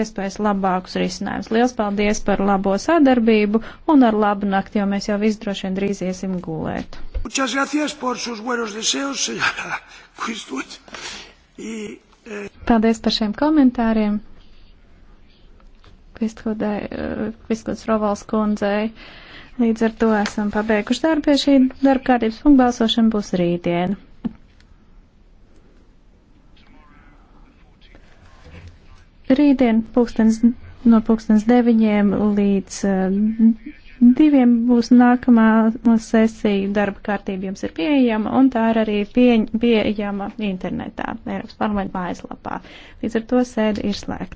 iespējas labākus risinājumus. Liels paldies par labo sadarbību un ar labu nakti, jo mēs jau visi droši vien drīz iesim gulēt. Eh, paldies par šiem komentāriem. Kvistkots eh, Rovals kundzei. Līdz ar to esam pabeiguši darbu pie šī darba kārtības punkta balsošana būs rītdien. Rītdien pulkstens, no pulkstens deviņiem līdz eh, diviem būs nākamā sesija. Darba kārtība jums ir pieejama un tā ir arī pieejama internetā, Eiropas parlamenta mājaslapā. Līdz ar to sēde ir slēgta.